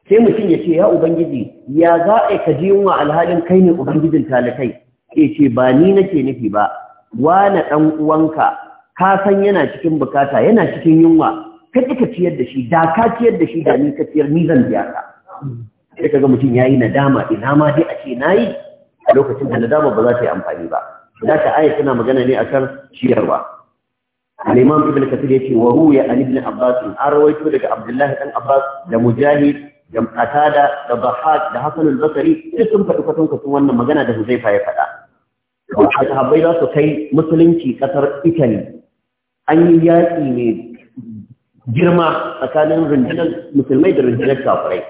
sai mutum ya ce ya ubangiji ya za a ka ji yunwa alhalin kai ne ubangijin talakai ke ce ba ni nake nufi ba na ɗan uwanka ka san yana cikin bukata yana cikin yunwa ka ka ciyar da shi da ka ciyar da shi da ni ka ciyar ni zan biya ka sai kaga mutum yayi nadama ina ma dai a ce nayi a lokacin da nadama ba za ta yi amfani ba da ta aya tana magana ne akan ciyarwa الإمام ابن كثير يقول وهو عن ابن عباس أرويت لك عبد الله بن عباس لمجاهد da da dhahak da hasan basri duk sun faɗi kwatan kwatan wannan magana da huzaifa ya faɗa wato sahabbai za su kai musulunci kasar italy an yi yaƙi mai girma tsakanin rundunar musulmai da rundunar kafirai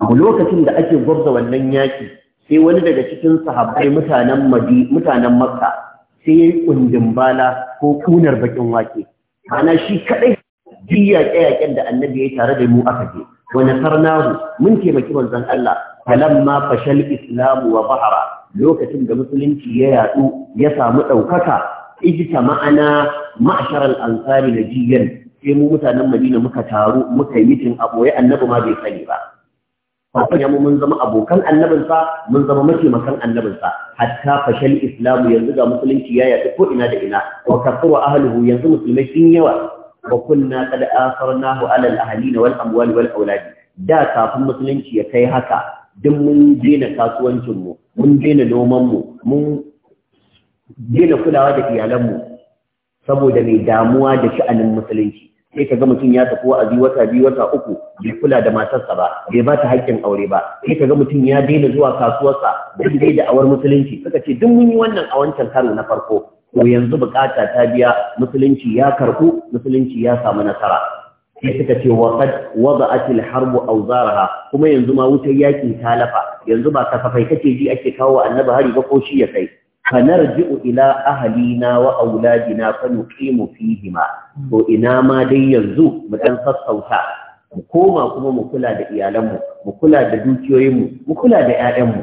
a lokacin da ake gwabza wannan yaƙi sai wani daga cikin sahabbai mutanen madi mutanen makka sai ya yi kundin bala ko kunar bakin wake ana shi kaɗai duk yaƙe-yaƙen da annabi ya yi tare da mu aka je Wani nasarnahu mun taimaki manzan Allah falamma fashal islamu wa bahara lokacin da musulunci ya yadu ya samu ɗaukaka? Ijita ma'ana ma'shar ansari ansari najiyan sai mu mutanen Madina muka taru muka yi mitin a boye annabi ma bai sani ba Kuma mu mun zama abokan annabinsa mun zama mataimakan annabinsa hatta fashal islamu yanzu ga musulunci ya yaɗu ko ina da ina wa kafir wa ahluhu yanzu musulmai sun yawa wa kunna qad asarnahu ala al-ahlin wal amwal wal aulad da kafin musulunci ya kai haka duk mun daina kasuwancin mu mun daina noman mu mun daina kulawa da iyalan mu saboda mai damuwa da sha'anin musulunci sai kaga mutum ya tafi wa'azi wata biyu wata uku bai kula da matarsa ba bai ba ta haƙƙin aure ba sai kaga mutum ya daina zuwa kasuwarsa duk dai da awar musulunci suka ce duk mun yi wannan a wancan karo na farko ko yanzu bukata ta biya musulunci ya karku, musulunci ya samu nasara sai suka ce wa qad wada'atil harbu awzaraha kuma yanzu ma wutar yaki ta lafa yanzu ba kasafai kake ji ake kawo annabi hari ba ko shi ya kai fanarji'u ila ahlina wa auladina fa nuqimu fihima to ina ma dai yanzu mu dan sassauta mu koma kuma mu kula da iyalanmu mu kula da dukiyoyinmu mu kula da ƴaƴanmu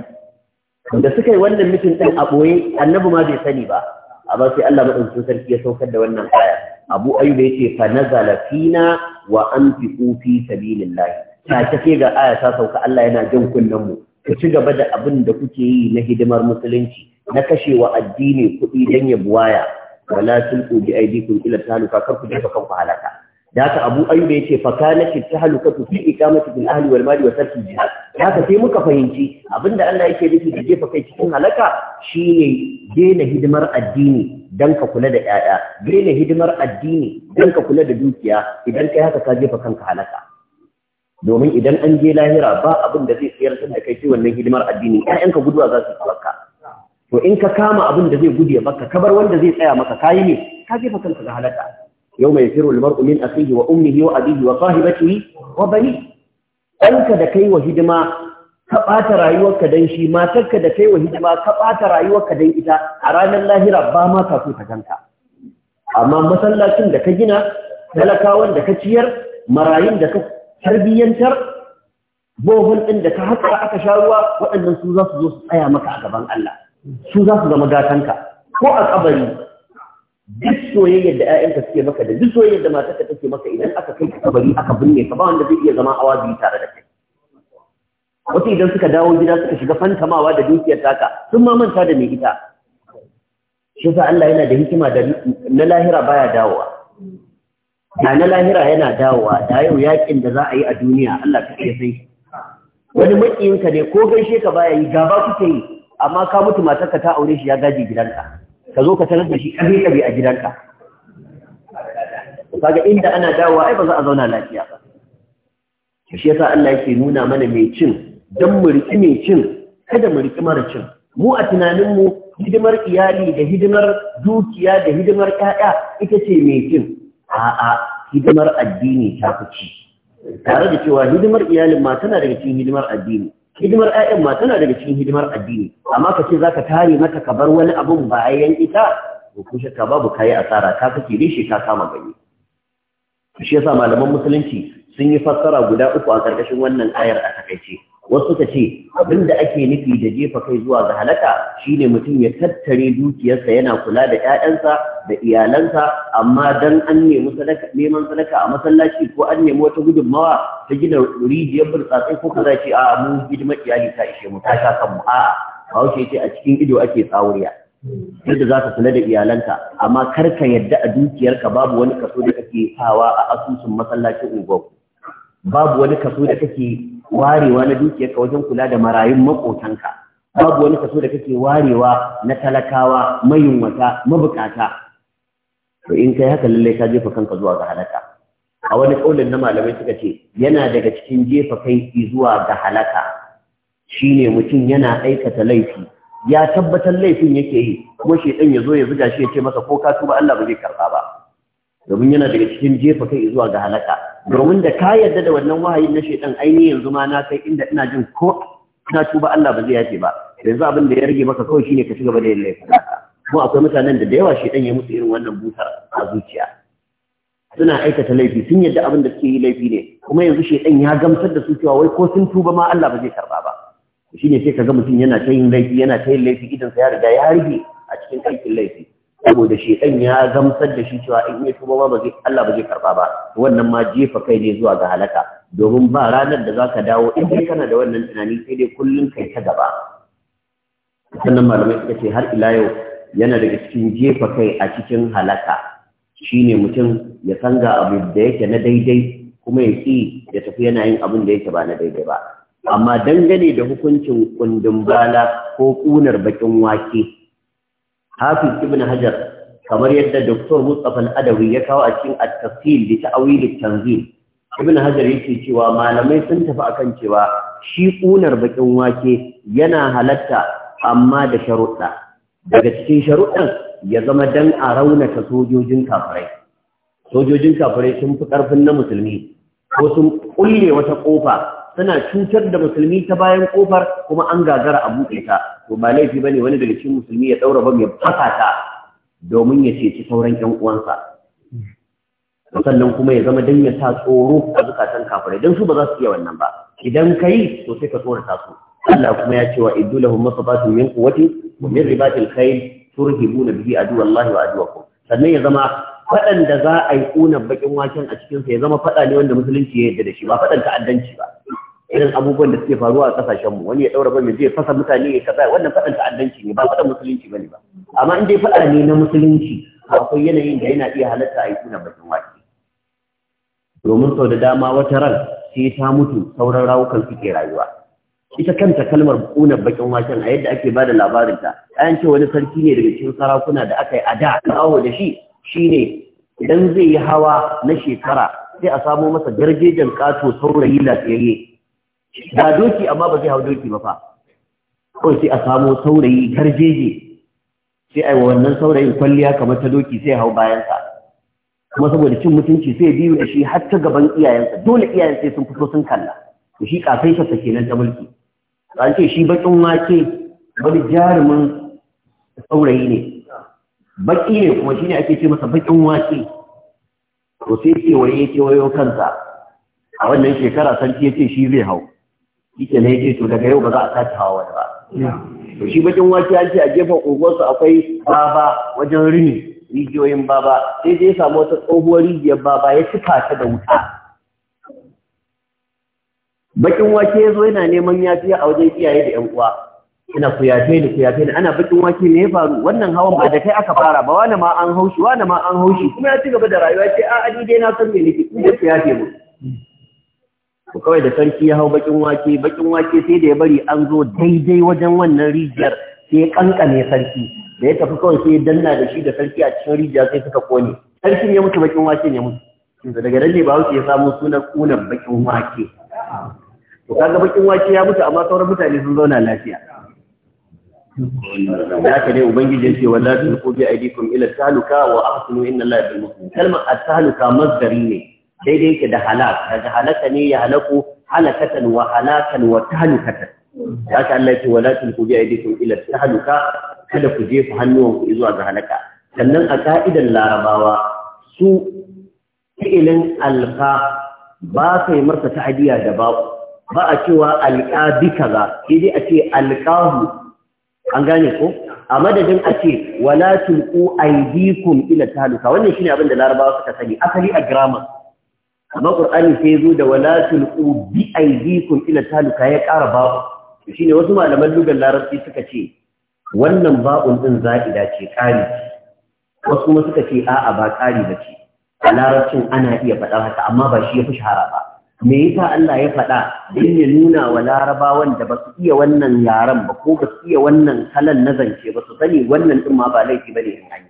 da suka yi wannan mutum din a boye annabi ma bai sani ba amma sai Allah madaukakin sarki ya saukar da wannan aya Abu Ayyub yace fa nazala fina wa anfiqu fi sabilillah ta tafi ga aya ta sauka Allah yana jin kunnen mu ku ci gaba da abin da kuke yi na hidimar musulunci na kashewa addini kuɗi dan ya buwaya wala tulqu bi aydikum ila taluka kar ku jefa kanku halaka da haka abu ayyuba yace fa kanat tahlukatu fi iqamati bil ahli wal mali wa tarki jihad haka sai muka fahimci abinda Allah yake nufi da jefa kai cikin halaka shine daina hidimar addini dan ka kula da yaya daina hidimar addini dan ka kula da dukiya idan kai haka ka jefa kanka halaka domin idan an je lahira ba abin da zai tsayar da kai sai wannan hidimar addini ƴaƴanka guduwa za su tsaka to in ka kama abin da zai gudu ya baka kabar wanda zai tsaya maka kayi ne ka jefa kanka ga halaka yawma yafiru almar'u min akhihi wa ummihi wa abihi wa sahibatihi wa bani ɗanka da kai wa hidima ka ɓata rayuwarka dan shi matarka da kai wa hidima ka ɓata rayuwarka dan ita a ranar lahira ba ma ka so ta ganka amma masallacin da ka gina talakawan da ka ciyar marayun da ka tarbiyyantar bohol ɗin da ka haka aka sha ruwa waɗannan su za su zo su tsaya maka a gaban Allah su za su zama gatanka ko a kabari duk soyayyar da ƴaƴanka suke maka da duk soyayyar da matarka take maka idan aka kai ka bari aka binne ka ba wanda zai iya zama awa biyu tare da kai wasu idan suka dawo gida suka shiga fantamawa da dukiyar taka sun ma manta da mai ita shi sa Allah yana da hikima da na lahira baya dawowa da na lahira yana dawowa da yau yakin da za a yi a duniya Allah ka iya sai wani makiyinka ne ko gaishe ka baya yi gaba kuke yi amma ka mutu matarka ta aure shi ya gaji gidanka ka zo ka tarar da shi ƙarfi ƙarfi a gidanka ga inda ana dawowa ai ba za a zauna lafiya ba shi yasa Allah yake nuna mana mai cin don mu riƙi mai cin kada mu riki mara cin mu a tunanin mu hidimar iyali da hidimar dukiya da hidimar ƴaƴa ita ce mai cin a'a hidimar addini ta fi ci tare da cewa hidimar iyalin ma tana daga cikin hidimar addini hidimar ƴaƴan ma tana daga cikin hidimar addini amma ka ce zaka tare mata ka bar wani abun bayan ita to kun shakka babu kayi asara ka kace rishi ka kama gani shi yasa malaman musulunci sun yi fassara guda uku a ƙarƙashin wannan ayar a takaice wasu suka ce abin da ake nufi da jefa kai zuwa ga halaka shine mutum ya tattare dukiyarsa yana kula da 'ya'yansa da iyalansa amma dan an nemi sadaka neman sadaka a masallaci ko an nemi wata gudunmawa ta gina rijiyar burtsatsai ko kaza ce a mu hidimar iyali ta ishe mu ta sha kanmu a'a Bahaushe ce a cikin ido ake tsawuriya yadda za ka kula da iyalanka amma kar ka yadda a dukiyarka babu wani kaso da kake sawa a asusun masallacin unguwar babu wani kaso da kake warewa na ka wajen kula da marayun makotanka babu wani kaso da kake warewa na talakawa mayunwata mabukata to in kai haka lallai ka jefa kanka zuwa ga halaka a wani kaulin na malamai suka ce yana daga cikin jefa kai zuwa ga halaka shine mutum yana aikata laifi ya tabbatar laifin yake yi kuma shedan ya zo ya zuga shi ya ce masa ko ka tuba Allah ba zai karba ba domin yana daga cikin jefa kai zuwa ga halaka domin da ka yarda da wannan wahayin na shaidan aini yanzu ma na kai inda ina jin ko na tuba Allah ba zai yace ba yanzu abin da ya rage maka kawai shine ka ci gaba da yin laifin kuma akwai mutanen da da yawa shaidan ya musu irin wannan butar a zuciya suna aikata laifi sun yarda abin da suke yi laifi ne kuma yanzu shaidan ya gamsar da su cewa wai ko sun tuba ma Allah ba zai karba ba shine sai kaga mutum yana ta yin laifi yana ta yin laifi idan sa ya riga ya harbe a cikin aikin laifi saboda ɗan ya gamsar da shi cewa in ya tuba ba zai Allah ba zai karba ba wannan ma jefa kai ne zuwa ga halaka domin ba ranar da za ka dawo in kai kana da wannan tunani sai dai kullun kai ta gaba sannan malamai suka ce har ila yau yana daga cikin jefa kai a cikin halaka shine mutum ya sanga abu da yake na daidai kuma ya ki ya tafi yana yin abin da yake ba na daidai ba amma dangane da hukuncin kundin bala ko kunar bakin wake hafiz ibn hajar kamar yadda Dr. Mustapha Al-Adawi ya kawo a cikin at tafsil bi ta'wil at-tanzil Ibn Hajar yake cewa malamai sun tafi akan cewa shi kunar bakin wake yana halatta amma da sharuɗa daga cikin sharuɗan ya zama dan a raunata sojojin kafirai sojojin kafirai sun fi karfin na musulmi ko sun kulle wata kofa suna cutar da musulmi ta bayan kofar kuma an gagara a buɗe ta to ba laifi bane wani daga cikin musulmi ya daura ba ya fasa ta domin ya ceci sauran ƴan uwansa sannan kuma ya zama dan ya sa tsoro a zukatan kafirai dan su ba za su iya wannan ba idan kai to sai ka tsorata su Allah kuma ya ce wa iddu lahum masabatun min quwwati wa min ribatil khayl turhibuna bihi aduwallahi wa aduwakum sannan ya zama faɗan da za a yi ƙunan baƙin waken a cikinsa ya zama faɗa ne wanda musulunci ya yarda da shi ba faɗan ta'addanci ba irin abubuwan da suke faruwa a kasashen mu wani ya daura ba mai zai fasa mutane ya kaza wannan fadan ta'addanci ne ba fadan musulunci bane ba amma in dai fada ne na musulunci akwai yanayin da yana iya halatta a yi suna bakin wake domin sau da dama wata ran sai ta mutu sauran rawukan suke rayuwa ita kanta kalmar kuna bakin waken a yadda ake bada labarin ta an ce wani sarki ne daga cikin sarakuna da aka yi a da kawo da shi shine idan zai yi hawa na shekara sai a samo masa garjejen kato saurayi lafiyayye ga doki amma ba zai hau doki ba fa ko sai a samu saurayi garjeje sai a wannan saurayin kwalliya kamar ta doki sai hau bayansa kuma saboda cin mutunci sai biyu da shi har ta gaban iyayensa dole iyayen sai sun fito sun kalla to shi sa take kenan ta mulki an ce shi bakin wake wani jarumin saurayi ne baki ne kuma shine ake ce masa bakin wake to sai ke wayo kansa a wannan shekara san ya ce shi zai hau ita ne yake to daga yau ba za a sake hawa wani ba to shi bakin wake an ce a gefen unguwarsu akwai baba wajen rini rijiyoyin baba sai dai ya samu wata tsohuwar rijiyar baba ya cika ta da wuta bakin wake ya zo yana neman yafiya a wajen iyaye da yan uwa ina ku yafe ni ku yafe ni ana bakin wake ne ya faru wannan hawan ba da kai aka fara ba wani ma an haushi wani ma an haushi kuma ya ci gaba da rayuwa ce a ni dai na san me nake ku da ku yafe mu ko kawai da sarki ya hau bakin wake bakin wake sai da ya bari an zo daidai wajen wannan rijiyar sai ya kankane sarki da ya tafi kawai sai ya danna da shi da sarki a cikin rijiya sai suka kone sarkin ya mutu bakin wake ne mutu yanzu daga nan ne ba wuce ya samu sunan kunan bakin wake to kaga bakin wake ya mutu amma sauran mutane sun zauna lafiya da haka ne ubangiji ya ce wallahi ku bi aidikum ila taluka wa ahsinu inna allaha yuhibbul muhsinin kalmar at-taluka mazdari ne daidai yake da halak daga halaka ne ya halaku halakatan wa halakan wa tahlukatan ya ta Allah ce wala tulku bi aydikum ila tahluka kada ku jefa hannuwan ku zuwa ga halaka sannan a ka'idan larabawa su fi'ilin alfa ba kai masa ta'diya da babu ba a cewa alƙa bi kaza sai a ce alƙahu an gane ko a madadin a ce wala tulqu aydikum ila tahluka wannan shine abin da larabawa suka sani asali a grammar amma qur'ani sai zo da wala tulqu bi aydikum ila taluka ya ƙara ba'u shine wasu malaman lugar larabci suka ce wannan ba'un din za'ida ce ƙari wasu kuma suka ce a'a ba ƙari ba ce a larabcin ana iya faɗa haka amma ba shi ya fi shahara ba me yasa Allah ya faɗa don ya nuna wa larabawan da ba su iya wannan yaren ba ko ba su iya wannan kalan na zance ba su sani wannan ɗin ma ba laifi ba ne in an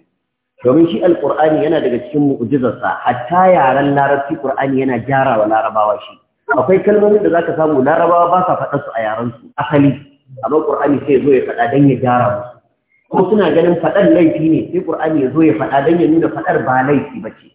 domin shi alqur'ani yana daga cikin mu'jizarsa hatta yaran larabci ƙur'ani yana gyara wa larabawa shi akwai kalmomin da zaka samu larabawa ba sa faɗa su a yaran su asali amma ƙur'ani sai zo ya faɗa dan ya jara musu ko suna ganin faɗar laifi ne sai ƙur'ani ya zo ya faɗa dan ya nuna faɗar ba laifi ba ce.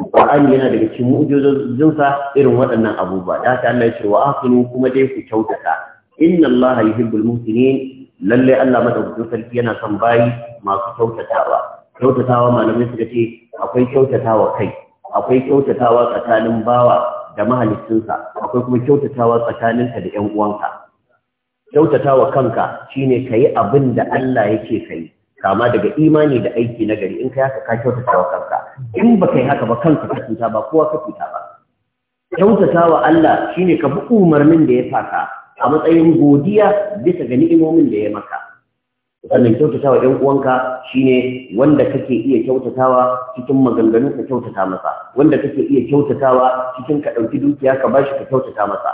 ƙurani yana daga cikin mu'jizojinsa irin waɗannan abubuwa da haka Allah ya ce wa ahsinu kuma dai ku kyautata inna Allah yuhibbul muhsinin lalle Allah madaukakin sarki yana son bayi masu kyautatawa kyautatawa malamai suka ce akwai kyautatawa kai akwai kyautatawa tsakanin bawa da mahalicinsa akwai kuma kyautatawa tsakaninka da 'yan uwanka kyautatawa kanka shine kayi abin da Allah yake kai kama daga imani da aiki na gari in kai haka ka kyautatawa kanka in ba kai haka ba kanka ka cuta ba kowa ka cuta ba kyautatawa Allah shine ka bi umarnin da ya faka, a matsayin godiya bisa ga ni'imomin da ya maka sannan kyautatawa ɗan uwanka shine wanda kake iya kyautatawa cikin maganganu ka kyautata masa wanda kake iya kyautatawa cikin ka ɗauki dukiya ka bashi ka kyautata masa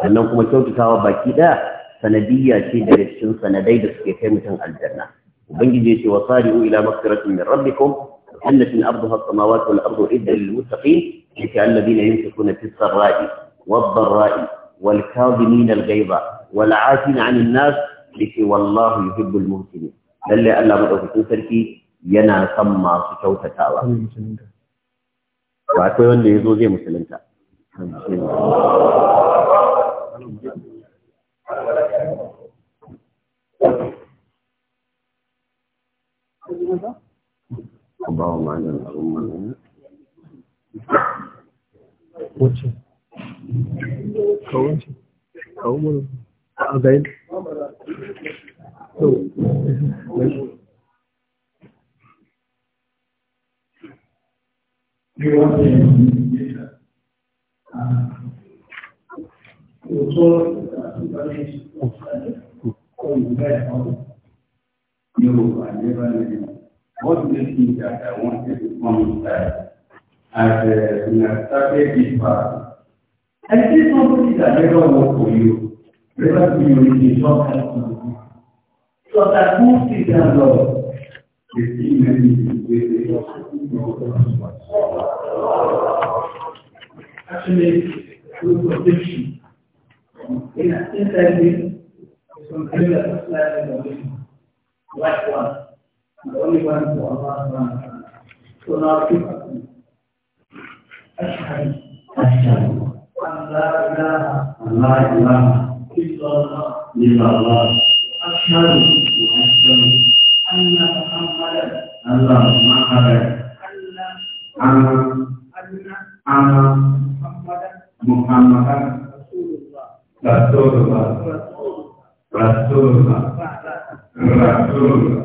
sannan kuma kyautatawa baki ɗaya sanadiyya ce daga cikin sanadai da suke kai mutum aljanna ubangiji ya ce wa sari'u ila maghfiratin min rabbikum jannatin arduha as-samawati wal ardu iddat lil muttaqin yake alladhina yunfiquna fis sarra'i wad dharra'i wal kadhimina al-ghayza wal 'afina 'anil nas yake wallahu yuhibbul muhsinin lalle Allah madaukakin sarki yana son masu kyautatawa ba akwai wanda ya zo zai musulunta اللهم عنا الأمة وجه كونش كومن أبين 我说，关于在方面，有感觉方面，我只是听下来，我这个方面在，还是那大概地方，哎，这方面感觉到我朋友，这个朋友你说看什么？说在公司上头，也是因为你对这个工作有关系。Actually, through protection, in a synthesis, is considered a slide in the like one, the only one for Allah one. So now keep up. أشهد أشهد Allah, Allah, Allah, Allah. إله إلا الله إلا الله أشهد أشهد أن Allah, أن محمد رسول الله رسول الله رسول الله رسول الله